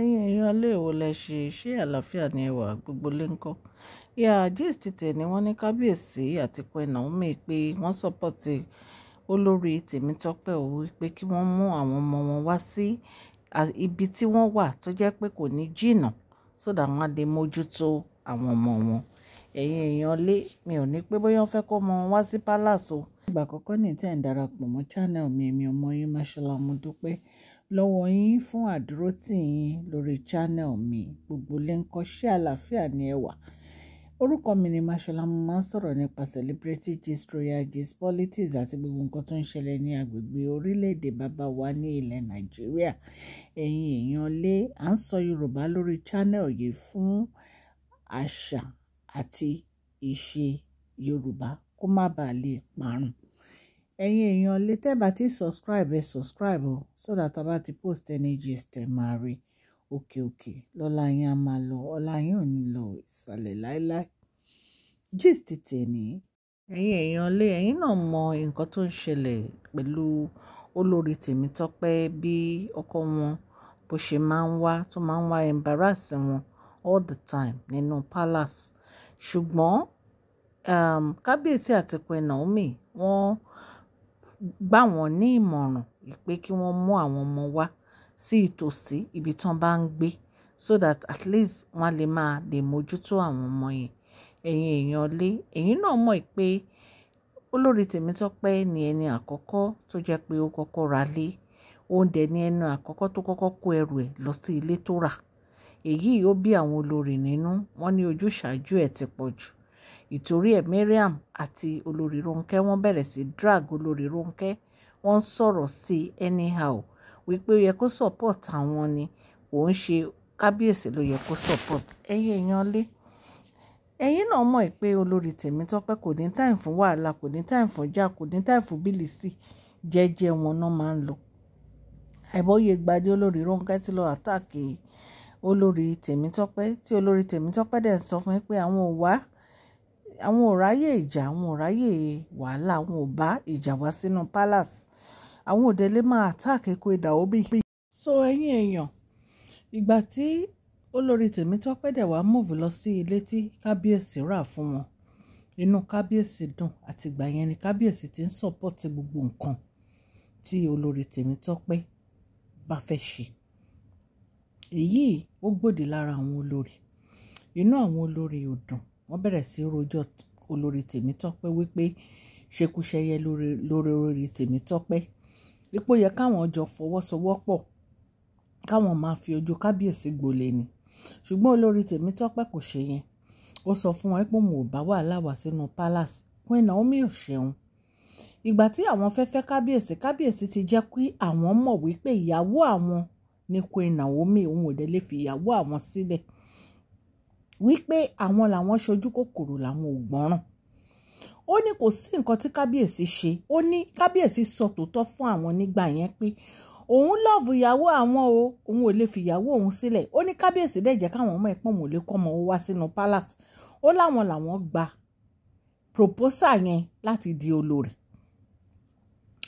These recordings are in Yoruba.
ẹ̀yin èèyàn ilé ìwò lẹ ṣe ṣé àlàáfíà ni ẹ wà gbogbo lé ńkọ́ ìyá gist tẹ̀ ni wọ́n ní kábíyèsí àti Queen Naomi pé wọ́n sọ́pọ̀tì olórí Tèmítọ́pẹ́ ò wípé kí wọ́n mú àwọn ọmọ wọn wá sí ibi tí wọ́n wà tó jẹ́ pé kò ní jìnnà sódà wọn á lè mójútó àwọn ọmọ wọn ẹ̀yin èèyàn lé mi ò ní pé bóyá wọ́n fẹ́ kó ọmọ wọn wá sí palace o. ìgbà àkọ́kọ́ ní tẹ̀ ń darapọ̀ mọ́ channel mi èmi ọmọ yín máṣọ́lá dúpẹ́ lọ́wọ́ yín fún àdúrótì yín lórí channel mi gbogbo lẹ́ńkọ́ ṣé àlàáfíà ni ẹ orúkọ mi ni Mashola mo sọ̀rọ̀ nípa celebrity gist royal gist politics àti gbogbo nǹkan tó ń ṣẹlẹ̀ ní agbègbè orílẹ̀-èdè bàbá wa ní ilẹ̀ Nàìjíríà ẹ̀yin èèyàn lé à ń sọ Yorùbá lórí channel yìí fún àṣà àti ìṣe Yorùbá kó má bàa lè parun ẹ̀yin èèyàn lè tẹ́ bá subscribe ẹ subscribe o so that tá a ti post any gist ẹ máa rí òkè òkè lọ́la yín á máa lọ ọ̀la yín ò ní lọ ìsàlẹ̀ láéláé gist tèmi ẹ̀yin èèyàn lé ẹ̀yin náà mọ nǹkan tó ń ṣẹlẹ̀ pẹ̀lú olórí Tèmítọ́pẹ́ bí ọkọ wọn bó ṣe máa ń wá tó máa ń wá embarrass wọn all the time nínú palace ṣùgbọ́n um, kábíyèsí àti Queen Naomi wọ́n gbà wọ́n ní ìmọ̀ràn pé kí wọ́n mú àwọn ọmọ wá sí ìtòsí ibi tí wọ́n bá ń gbé so that at least wọ́n lè máa lè mójútó àwọn ọmọ yẹn ẹ̀yin èèyàn lé ẹ̀yin náà mọ̀ pé olórí Tèmítọ́pẹ́ ni ẹni àkọ́kọ́ tó jẹ́ pé ó kọ́kọ́ ra lé òun dẹ̀ ni ẹni àkọ́kọ́ tó kọ́kọ́ kó ẹrù ẹ̀ lọ sí ilé tó rà èyí ó bí àwọn olórí nínú wọ́n ní ojúṣàájú ẹ̀ ti pọ̀ jù ìtorí ẹ̀ Mariam àti olórí Rónkẹ́ wọ́n bẹ̀rẹ̀ sí drag olórí Rónkẹ́ wọ́n sọ̀rọ̀ sí anyhow wípé ó yẹ kó support àwọn ni kò ń ṣe kábíyèsí ló yẹ kó support ẹ̀yin èèyàn lé ẹ̀yin náà mọ̀ pé olórí Tèmítọ́pẹ́ kò ní time fún wàhálà kò ní time fún jà kò ní time fún bílísì jẹ́jẹ́ wọn náà máa ń lọ àìbọ́yé gbadé olórí Rónkẹ́ ti lọ àtàkì olórí Tèmítọ́pẹ́ tí olórí Tèmítọ́pẹ́ dẹ̀ sọ fún yín pé àwọn ò wá àwọn ò ráyè ìjà àwọn ò ráyè wàhálà àwọn ò bá ìjà wá sínú palace àwọn òdẹ̀lé máa attack Daobi. so ẹ̀yin èèyàn ìgbà tí olórí Tèmítọ́pẹ́ dẹ̀ wá move lọ sí ilé tí kábíyèsí rà fún wọn inú kábíyèsí dùn àtìgbà yẹn ni kábíyèsí ti ń support gbogbo nǹkan tí olórí Tèmítọ́pẹ́ bá fẹ́ ṣe èyí ó gbòdì lára àwọn olórí inú àwọn olórí ò dùn wọ́n bẹ̀rẹ̀ sí rojọ́ olórí Tèmítọ́pẹ́ wípé ṣekúṣẹyẹ lórí olórí Tèmítọ́pẹ́ ipò yẹ káwọn jọ fọwọ́sowọ́pọ̀ káwọn máa fi ojú kábíyèsí gbolẹ̀ ni ṣùgbọ́n olórí Tèmítọ́pẹ́ kò ṣe yẹn ó sọ fún wọn pé òun ò bá wàhálà wá sínú palace Queen Naomi ò ṣeun ìgbà tí àwọn fẹ́ fẹ́ kábíyèsí kábíyèsí ti jẹ́ kí àwọn mọ̀ wípé ìyàwó àwọn ni Queen Naomi òun ò dé lè fi ìyàwó àwọn sílẹ̀ si wípé àwọn làwọn ṣojú kòkòrò làwọn ò gbọ́ràn ó ní kò sí nǹkan tí kábíyèsí ṣe ó ní kábíyèsí sọ tòótọ́ fún àwọn nígbà yẹn pé òun lọ́ọ̀bù ìyàwó àwọn o òun ò lè fìyàwó òun sílẹ̀ ó ní kábíyèsí dẹ̀ jẹ́ káwọn ọmọ ẹ̀pọ̀n mò lè kọ́mọ ó wá sínú palace ó láwọn làwọn gba proposal yẹn láti di olórí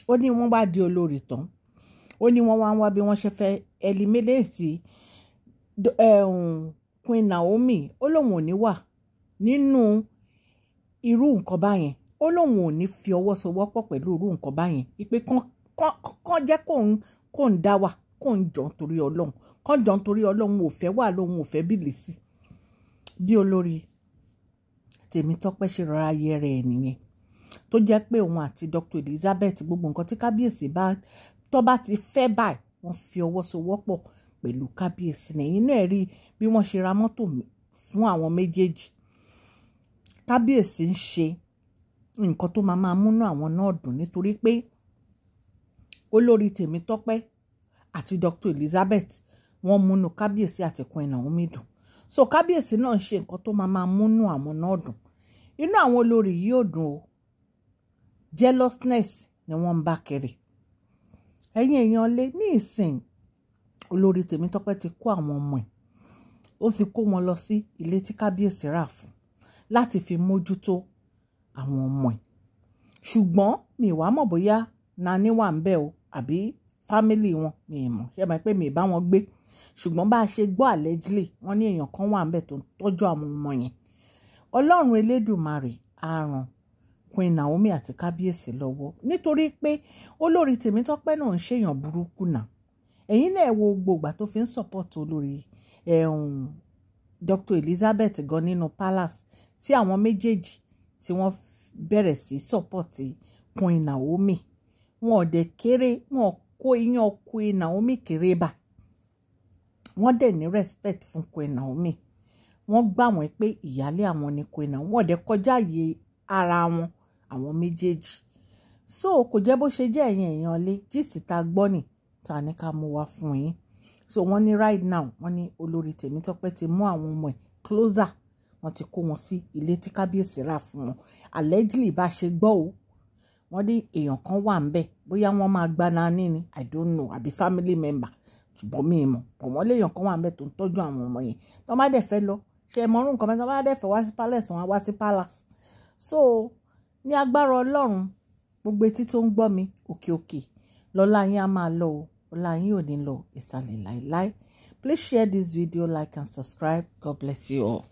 ó ní wọ́n bá di olórí tán ó ní wọ́n wá ń wá bí wọ́n ṣe fẹ́ eliminate eh, Queen Naomi ó lóun ò ní wà nínú irú nǹkan báyẹn ó lóun ò ní fi ọwọ́ sowọ́pọ̀ pẹ̀lú irú nǹkan báyẹn ìpè kán jẹ́ kóun dá wà kóun jọ nítorí ọlọ́run kán jọ nítorí ọlọ́run ò fẹ́ wà lóun ò fẹ́ bìlì sí bí olórí Tèmítọ́pẹ́ ṣe rọra yẹ rẹ̀ nìyẹn tó jẹ́ pé òun àti Dr Elizabeth gbogbo nǹkan tí kábíyèsí bá tó bá ti fẹ́ báyìí wọ́n fi ọwọ́ sowọ́pọ̀ pẹ̀lú kábíyèsí ni ẹ̀yin náà rí bí wọ́n ṣe ra mọ́tò fún àwọn méjèèjì kábíyèsí ń ṣe nǹkan tó máa máa múnú àwọn náà dùn nítorí pé olórí Tèmítọ́pẹ́ àti Dr Elizabeth wọ́n múnú kábíyèsí àti Queen Naomi dùn so kábíyèsí náà ń ṣe nǹkan tó máa máa múnú àwọn náà dùn inú àwọn olórí yìí ò dùn o jealousness ni wọ́n ń bá kiri ẹ̀yin èèyàn lé ní ìsìn olórí Tèmítọ́pẹ́ ti kó àwọn ọmọ ẹ̀ ó ti kó wọn lọ sí ilé tí kábíyèsí rà fún láti fi mójútó àwọn ọmọ ẹ̀ ṣùgbọ́n mi wàá mọ̀ bóyá nani wà ń bẹ̀ o àbí fámìlì wọn mi ì mọ̀ ṣe máa pé mi ì bá wọn gbé ṣùgbọ́n bá a ṣe gbọ́ allegedly wọ́n ní èèyàn kan wà ń bẹ̀ tó ń tọ́jú àwọn ọmọ yẹn ọlọ́run elédùnmarè á Queen Naomi àti kábíyèsí lọ́wọ́ nítorí pé olórí Tèmítọ́pẹ́ náà ń ṣèyàn burúkú náà ẹ̀yin náà wo gbogbo tó fi ń support olórí ẹ̀hún Dr Elizabeth gan nínú palace tí àwọn méjèèjì tí wọ́n bẹ̀rẹ̀ sí support Queen Naomi wọn ò dẹ̀ kéré wọn kó iyán Queen Naomi kéré bà wọ́n dẹ̀ ní respect fún Queen Naomi wọ́n gbà wọ́n pé ìyálé àwọn ni Queen Naomi wọ́n dẹ̀ kọjá àyè ara wọn àwọn méjèèjì so kò jẹ́ bó ṣe jẹ́ ẹ̀yin èèyàn lé gist tá gbọ́ nìyí tá a ká mú wá fún yín so wọ́n ní right now wọ́n ní olórí Tèmítọ́pẹ́ ti mú àwọn ọmọ ẹ̀ closer wọ́n ti kó wọn sí ilé tí kábíyèsí rà fún wọn allegedly bá ṣe gbọ́ o wọ́n ní èèyàn kan wà ń bẹ̀ bóyá wọ́n máa gba nání ni i don't know àbí family member ṣùgbọ́n mi mọ̀ bọ̀ wọ́n léèyàn kan wà ń bẹ̀ tó ń tọ́jú àwọn ọmọ yẹn tó má dẹ̀ fẹ́ lọ ṣe é mọ́rún nǹkan mẹ́ta bá dẹ̀ fẹ́ wá sí palace wọn wá sí palace so ní agbára ọlọ́run gbogbo etí tó ń gbọ́ mi òkè òkè lọ́lá yín á máa lọ o ọlá yín ò ní lọ ìsàlẹ̀ láéláé please share this video like and subscribe god bless you all.